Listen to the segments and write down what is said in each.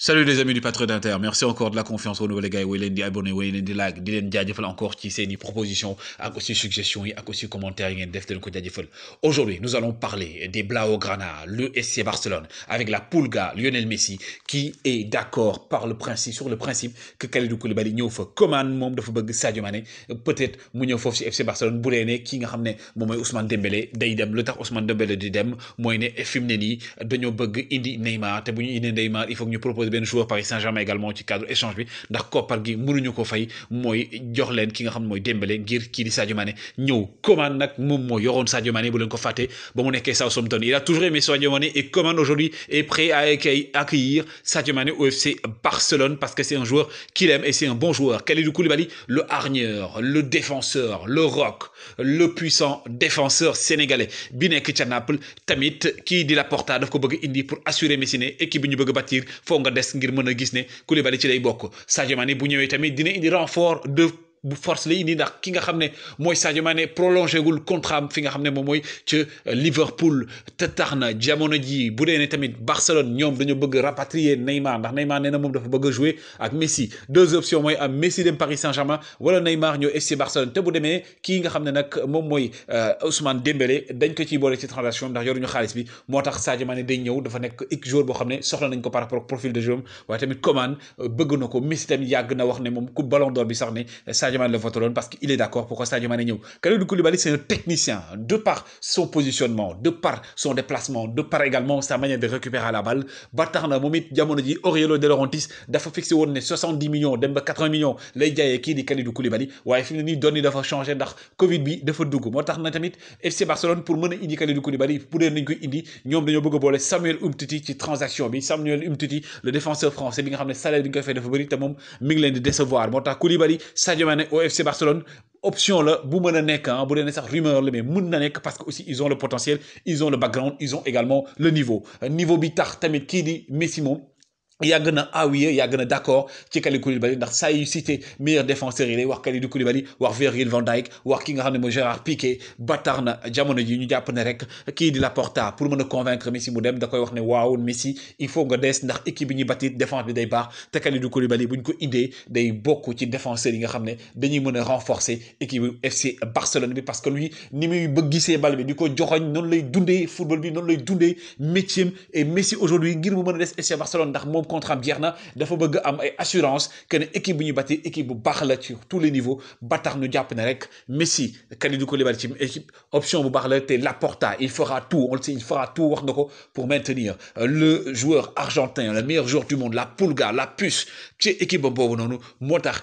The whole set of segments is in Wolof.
salut les amis du Patriote d'Inter, merci encore de la confiance au nouveau les gars way leen di abonné way di like di leen jaajëfal encore ci seeni proposition ak aussi suggestion yi ak aussi commentaires yi ngeen def leen ko jaajëfal aujourd'hui nous allons parler des Blaugrana le SC Barcelone avec la Pulga Lionel Messi qui est d'accord par le principe sur le principe que Kalidou Koulibaly ñëw fa commande, moom dafa bëgg Sadio Mané peut-être mu ñëw foofu ci FC Barcelone qui dee a ki nga Ousmane Dembélé day dem lu Ousmane Dembélé di dem mooy ne fi mu ne bëgg indi Neymar te bu ñu Neymar il faut que nous proposions propose benn joueur Paris Saint-Germain également ci cadre échange bi ndax koppar gi mënuñu ko fay mooy jox leen ki nga xam ne Dembélé ngir kii di Sadio Mané ñëw Coman nag moom moo yoroon Sadio Mané bu leen ko fàtte ba mu nekkee il a toujours aimé Sadio Mané et Coman aujourd'hui est prêt à accueillir Sadio Mané au FC Barcelone parce que c'est un joueur qu'il aime et c'est un bon joueur Kalidou Koulibaly le hargneur le défenseur le rock, le puissant défenseur sénégalais bi nekk Naples tamit qui di la daf ko bëgg indi pour assurer Messi et équipe bi ñu bëgg bâtir des ngir mën a gis ne Koulibaly ci lay bokk Sadio Mané bu ñëwee tamit dina indi renfort de bu force lay indi ndax ki nga xam ne mooy Sadio Mané prolongé gul contrat fi nga xam ne moom mooy ca Liverpool te tax na jamono jii bu dee ne tamit Barcelone ñoom dañu bëgg rapatrier Neymar ndax Neymar nee na moom dafa bëgg a jouer ak Messi deux options mooy am Messi dem Paris Saint-Germain wala Neymar ñëw FC Barcelone te bu demee ki nga xam ne nag moom mooy euh, Ousmane Dembélé dañ ko ciy boole ci transaction ndax yoruñu xaalis bi moo tax Sadio Mané day ñëw dafa nekk ik jour boo xam ne soxla nañ ko par rapport profil de jeu am waaye tamit Coman euh, bëgg na ko Messi tamit yàgg na wax ne moom ku Ballon d'Or bi sax ne Sadio Mané la parce qu'il est d'accord pour que Sadio Mané ñëw Kalidou Koulibaly c'est un technicien de par son positionnement de par son déplacement de par également sa manière de récupérer la balle ba tax na moom jamono ji Aurelio De Laurentis, dafa fixé woon 70 millions dem 80 millions lay jaayee kii di Kalidou Koulibaly waaye fi mu donné dafa changé ndax Covid bi dafa dugg moo na tamit FC Barcelone pour mën a indi Kalidou Koulibaly pour les nañ koy indi ñoom dañoo bëgg boole Samuel Umtiti ci transaction bi Samuel Umtiti le défenseur français bi nga xam salaire bi nga de fay dafa bëri de mi ngi di décevoir moo Koulibaly Sadio Mané au FC Barcelone option là, bu meuna ah, rumeur mais parce que ils ont le potentiel ils ont le background ils ont également le niveau euh, niveau bitar, tax tamit di Messi yàgg na awiye d'accord ci Kalidou Koulibaly ndax saa yu cité meilleur défenseur il est wax Kalidou Koulibaly wax Virgil van Dijk wax ki nga xamné Gérard Piqué ba tax jamono ji ñu japp né rek ki di porta pour mën convaincre Messi mu dem da koy wax né waaw Messi il faut nga dess ndax équipe bi ñuy bâtit défense bi day baax te Kalidou Koulibaly buñ ko indee day bokk ci défenseurs yi nga xamné dañuy mën renforcer équipe FC Barcelone bi parce que lui ni muy bëgg gisee bal bi diko ko non lay dundé football bi non lay dundé métier et Messi aujourd'hui ngir mu mën dess FC Barcelone ndax moom contre Ambierna, jeex na dafa bëgg am ay assurance que équipe bu ñu bati équipe bu baax la ci tous les niveaux ba tax ñu japp ne rek Messi Kalidou Koulibaly ci équipe option bu baax la té Laporta il fera tout on le sait il fera tout wax pour maintenir euh, le joueur argentin le meilleur joueur du monde la pulga la puce ci équipe bobu nonu motax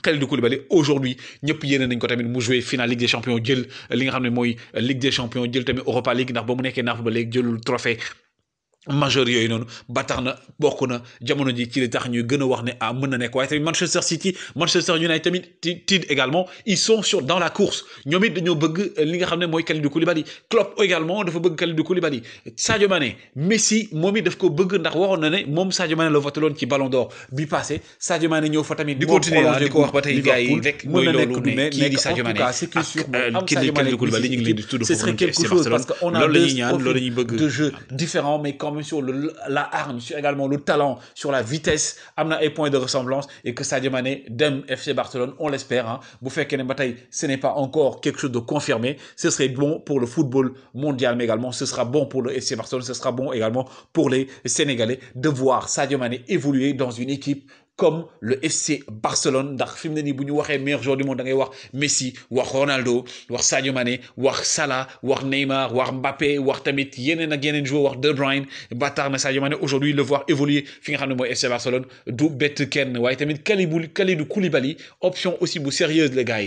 Kalidou Koulibaly aujourd'hui ñëpp yéene nañ ko tamit mu jouer finale Ligue des Champions jël li nga xamné moy Ligue des Champions jël tamit Europa League ndax ba mu nekkee naaf ba léegi jëlul trophée majeur yooyu noonu ba tax na bokk na jamono ji ci li tax ñu gën a wax ne ah mën na nekk waaye tamit Manchester City Manchester United tamit United également ils sont sur dans la course ñoom it dañoo bëgg euh, li nga xam ne mooy Kalidou Koulibaly Klopp également dafa bëgg Kalidou Koulibaly Sadio Mané Messi moom it daf ko bëgg ndax waxoon na ne moom Sadio Mané la voteloon ci Ballon d'Or bi passé Sadio Mané ñëw fa tamit. di continuer di ko wax ba tey gars yi rek mooy loolu mais euh, kii di Sadio Mané ak kii di Kalidou Koulibaly ñu ngi leen di tudd foofu noonu ci FC Barcelone loolu la ñuy ñaan loolu la ñuy bëgg sur la arme, sur également le talent, sur la vitesse, amna un point de ressemblance et que Sadio Mané dem FC Barcelone, on l'espère Vous hein. faites qu'elle bataille, ce n'est pas encore quelque chose de confirmé, ce serait bon pour le football mondial mais également ce sera bon pour le FC Barcelone, ce sera bon également pour les Sénégalais de voir Sadio Mané évoluer dans une équipe comme le FC Barcelone ndax fi ni ne waxé meilleur joueur du monde da ngay wax Messi wax Ronaldo wax Sadio Mané wax Salah wax Neymar wax Mbappé wax tamit yeneen ak joueur wax De Bruyne Batar Sadio Mané aujourd'hui le voir évoluer fi nga xamné FC Barcelone Dou bett kenn waye tamit Kalidou Koulibaly option aussi bu sérieuse les gars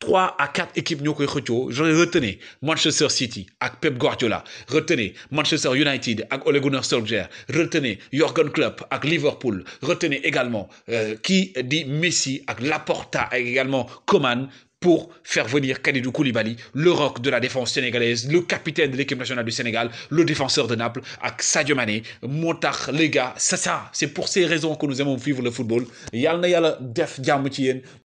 3 à 4 équipes ñoo koy je retenez Manchester City avec Pep Guardiola retenez Manchester United avec Ole Gunnar Solskjaer retenez Jurgen Klopp avec Liverpool retenez également euh, qui dit Messi avec Laporta et également Coman pour faire venir Kalidou Koulibaly, le roc de la défense sénégalaise, le capitaine de l'équipe nationale du Sénégal, le défenseur de Naples, avec Sadio Mané, Montar, les gars, c'est ça, c'est pour ces raisons que nous aimons vivre le football. Yalna yalla def